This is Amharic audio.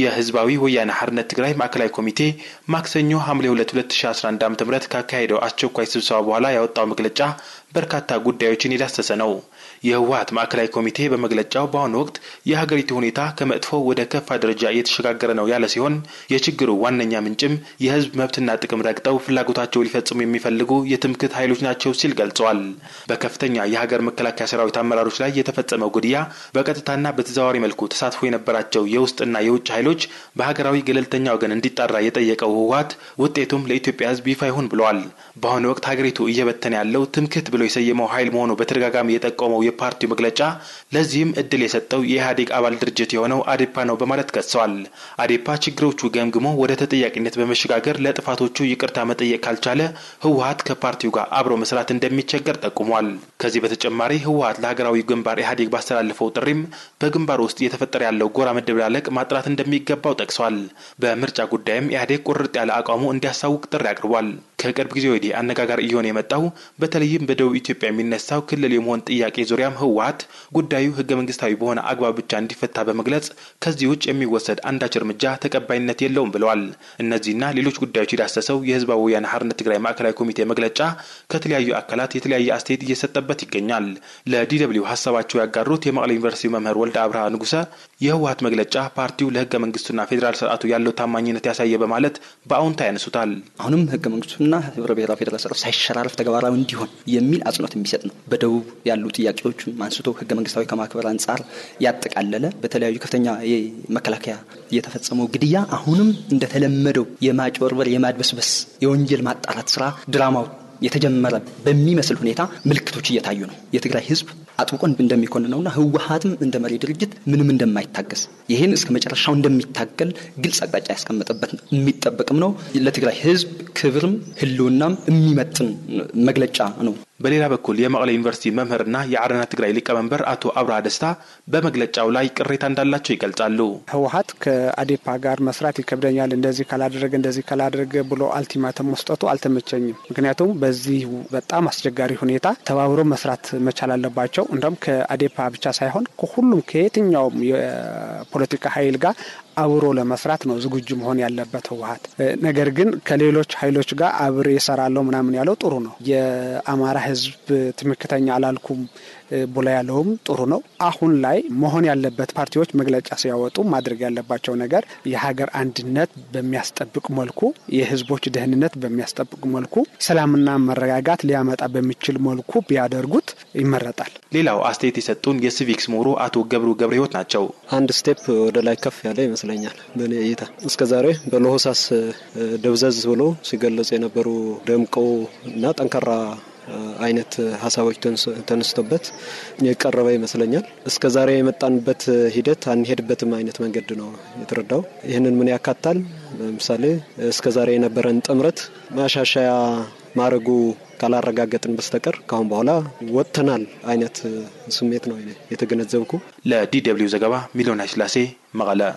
የህዝባዊ ወያነ ሓርነት ትግራይ ማዕከላዊ ኮሚቴ ማክሰኞ ሐምሌ 2 2011 ዓ ም ካካሄደው አስቸኳይ ስብሰባ በኋላ ያወጣው መግለጫ በርካታ ጉዳዮችን የዳሰሰ ነው። የህወሀት ማዕከላዊ ኮሚቴ በመግለጫው በአሁኑ ወቅት የሀገሪቱ ሁኔታ ከመጥፎ ወደ ከፋ ደረጃ እየተሸጋገረ ነው ያለ ሲሆን የችግሩ ዋነኛ ምንጭም የህዝብ መብትና ጥቅም ረግጠው ፍላጎታቸው ሊፈጽሙ የሚፈልጉ የትምክህት ኃይሎች ናቸው ሲል ገልጸዋል። በከፍተኛ የሀገር መከላከያ ሰራዊት አመራሮች ላይ የተፈጸመው ግድያ በቀጥታና በተዘዋዋሪ መልኩ ተሳትፎ የነበራቸው የውስጥና የውጭ ኃይሎች በሀገራዊ ገለልተኛ ወገን እንዲጣራ የጠየቀው ህወሀት ውጤቱም ለኢትዮጵያ ህዝብ ይፋ ይሁን ብለዋል። በአሁኑ ወቅት ሀገሪቱ እየበተነ ያለው ትምክህት ብሎ ብሎ የሰየመው ኃይል መሆኑ በተደጋጋሚ የጠቆመው የፓርቲው መግለጫ ለዚህም እድል የሰጠው የኢህአዴግ አባል ድርጅት የሆነው አዴፓ ነው በማለት ከሰዋል። አዴፓ ችግሮቹ ገምግሞ ወደ ተጠያቂነት በመሸጋገር ለጥፋቶቹ ይቅርታ መጠየቅ ካልቻለ ህወሀት ከፓርቲው ጋር አብሮ መስራት እንደሚቸገር ጠቁሟል። ከዚህ በተጨማሪ ህወሀት ለሀገራዊ ግንባር ኢህአዴግ ባስተላለፈው ጥሪም በግንባር ውስጥ እየተፈጠረ ያለው ጎራ መደበላለቅ ማጥራት እንደሚገባው ጠቅሷል። በምርጫ ጉዳይም ኢህአዴግ ቁርጥ ያለ አቋሙ እንዲያሳውቅ ጥሪ አቅርቧል። ከቅርብ ጊዜ ወዲህ አነጋጋሪ እየሆነ የመጣው በተለይም በደቡብ ኢትዮጵያ የሚነሳው ክልል የመሆን ጥያቄ ዙሪያም ህወሀት ጉዳዩ ህገ መንግስታዊ በሆነ አግባብ ብቻ እንዲፈታ በመግለጽ ከዚህ ውጭ የሚወሰድ አንዳች እርምጃ ተቀባይነት የለውም ብለዋል። እነዚህና ሌሎች ጉዳዮች የዳሰሰው የህዝባዊ ወያነ ሓርነት ትግራይ ማዕከላዊ ኮሚቴ መግለጫ ከተለያዩ አካላት የተለያየ አስተያየት እየሰጠበት ይገኛል። ለዲደብሊው ሀሳባቸው ያጋሩት የመቀሌ ዩኒቨርሲቲ መምህር ወልደ አብርሃ ንጉሰ የህወሀት መግለጫ ፓርቲው ለህገ መንግስቱና ፌዴራል ስርዓቱ ያለው ታማኝነት ያሳየ በማለት በአዎንታ ያነሱታል። አሁንም ህገ መንግስቱ ህብረትና ህብረ ብሔራዊ ፌደራል ስርዓት ሳይሸራረፍ ተግባራዊ እንዲሆን የሚል አጽንኦት የሚሰጥ ነው። በደቡብ ያሉ ጥያቄዎችን አንስቶ ህገ መንግስታዊ ከማክበር አንጻር ያጠቃለለ በተለያዩ ከፍተኛ መከላከያ የተፈጸመው ግድያ አሁንም እንደተለመደው የማጭበርበር፣ የማድበስበስ፣ የወንጀል ማጣራት ስራ ድራማው የተጀመረ በሚመስል ሁኔታ ምልክቶች እየታዩ ነው። የትግራይ ህዝብ አጥብቆን እንደሚኮንነውና ህወሀትም እንደ መሪ ድርጅት ምንም እንደማይታገስ ይህን እስከ መጨረሻው እንደሚታገል ግልጽ አቅጣጫ ያስቀመጠበት የሚጠበቅም ነው። ለትግራይ ህዝብ ክብርም ህልውናም የሚመጥን መግለጫ ነው። በሌላ በኩል የመቀለ ዩኒቨርሲቲ መምህርና የአረና ትግራይ ሊቀመንበር አቶ አብርሃ ደስታ በመግለጫው ላይ ቅሬታ እንዳላቸው ይገልጻሉ። ህወሀት ከአዴፓ ጋር መስራት ይከብደኛል፣ እንደዚህ ካላደረገ እንደዚህ ካላደረገ ብሎ አልቲማተም መስጠቱ አልተመቸኝም። ምክንያቱም በዚህ በጣም አስቸጋሪ ሁኔታ ተባብሮ መስራት መቻል አለባቸው። እንደውም ከአዴፓ ብቻ ሳይሆን ከሁሉም ከየትኛውም የፖለቲካ ኃይል ጋር አብሮ ለመስራት ነው ዝግጁ መሆን ያለበት ህወሀት። ነገር ግን ከሌሎች ኃይሎች ጋር አብሬ እሰራለሁ ምናምን ያለው ጥሩ ነው። የአማራ ህዝብ ትምክተኛ አላልኩም ብሎ ያለውም ጥሩ ነው። አሁን ላይ መሆን ያለበት ፓርቲዎች መግለጫ ሲያወጡ ማድረግ ያለባቸው ነገር የሀገር አንድነት በሚያስጠብቅ መልኩ፣ የህዝቦች ደህንነት በሚያስጠብቅ መልኩ፣ ሰላምና መረጋጋት ሊያመጣ በሚችል መልኩ ቢያደርጉት ይመረጣል። ሌላው አስተያየት የሰጡን የሲቪክስ ምሁሩ አቶ ገብሩ ገብረ ህይወት ናቸው። አንድ ስቴፕ ወደ ላይ ከፍ ያለ ይመስለኛል። በእኔ እይታ እስከ ዛሬ በለሆሳስ ደብዘዝ ብሎ ሲገለጽ የነበሩ ደምቆ እና ጠንካራ አይነት ሀሳቦች ተነስቶበት የቀረበ ይመስለኛል። እስከ ዛሬ የመጣንበት ሂደት አንሄድበትም አይነት መንገድ ነው የተረዳው። ይህንን ምን ያካታል? ለምሳሌ እስከ ዛሬ የነበረን ጥምረት ማሻሻያ ማድረጉ ካላረጋገጥን በስተቀር ካሁን በኋላ ወጥተናል አይነት ስሜት ነው የተገነዘብኩ። ለዲ ደብልዩ ዘገባ ሚሊዮን ስላሴ መቀለ